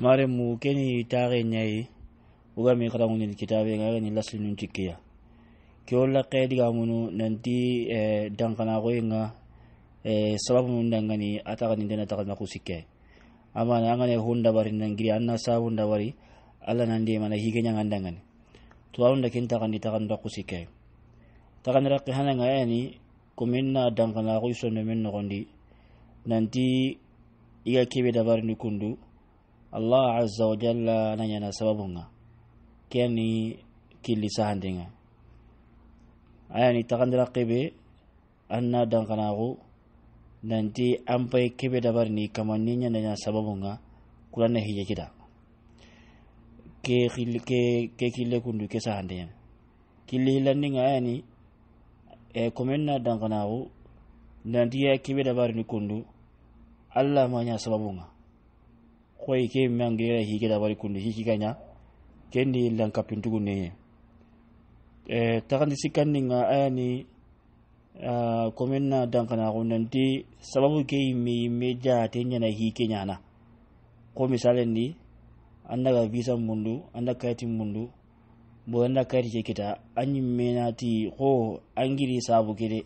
mare mu keni tare nyai uga mi kara ngunil kitabe ngare ni lasli nun tikkiya ke walla qaidi nanti eh go inga eh, sababu mun dangani ataka ni dena taka ku sikke amma na ngane honda bari nan giri anna sabu honda bari ala nan mana hige nyanga dangani to awun da kinta kan ditaka nda ku sikke taka ni rakki hana ngayani kuminna dankana go iso no men nanti iya kebe dabari nukundu, kundu allah azza wa jalla na sababu nga kiani kili sahandinga. nga ayani takandira kebe anna dan dankanaku nanti ampai kebe dabar ni nanya nanya sababu nga hija hije kida ke ke kille kundu ke sahandinga nga kille hilandi nga ayani e eh, komen dan dankanaku nanti ya kebe dabar ni kundu allah manya sababu nga koy ke mangirera hike da bari kunde ke ganya kendi lan kapin tugu ne e takandi sikanni nga ayani komen na dankana ko nanti sababu ke mi meja tenya na nya nyana ko misalen ni ga visa mundu anda kayati mundu bo anda kayati ke kita anyi menati ko angiri sabu kede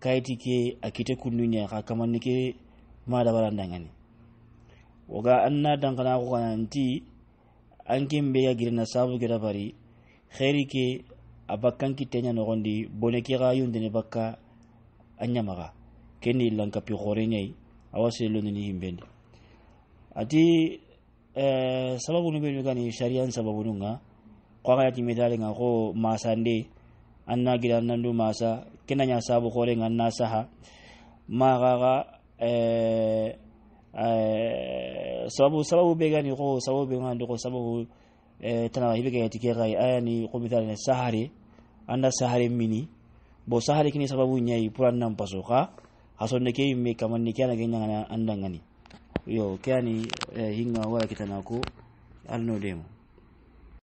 kayati ke akite kundunya ka kamanni ke ma da barandangani woga na dangana ko kananti kin be ya girna sabu gida bari khairi ke a bakkan kitenya di bone ke ga yundene bakka anyamaga kendi lankapi xoreñayi awa ni himbendi ati eh, sababu nu benu gani sharian sababu nu nga kwaga yati medali nga ko masande anna gida nandu masa kena nya sabu kore nga na saha eh, eh sababu sababu be gani ko sababu be ngandi ko sababu eh, tana hibe ga tike ga ayani ko misali ne sahare anda sahare mini bo sahare kini sababu nyai puran nan pasoka ka haso ne ke me kaman ne kana ga nyanga anda ngani yo kani eh, hinga wala kitana ko alno demo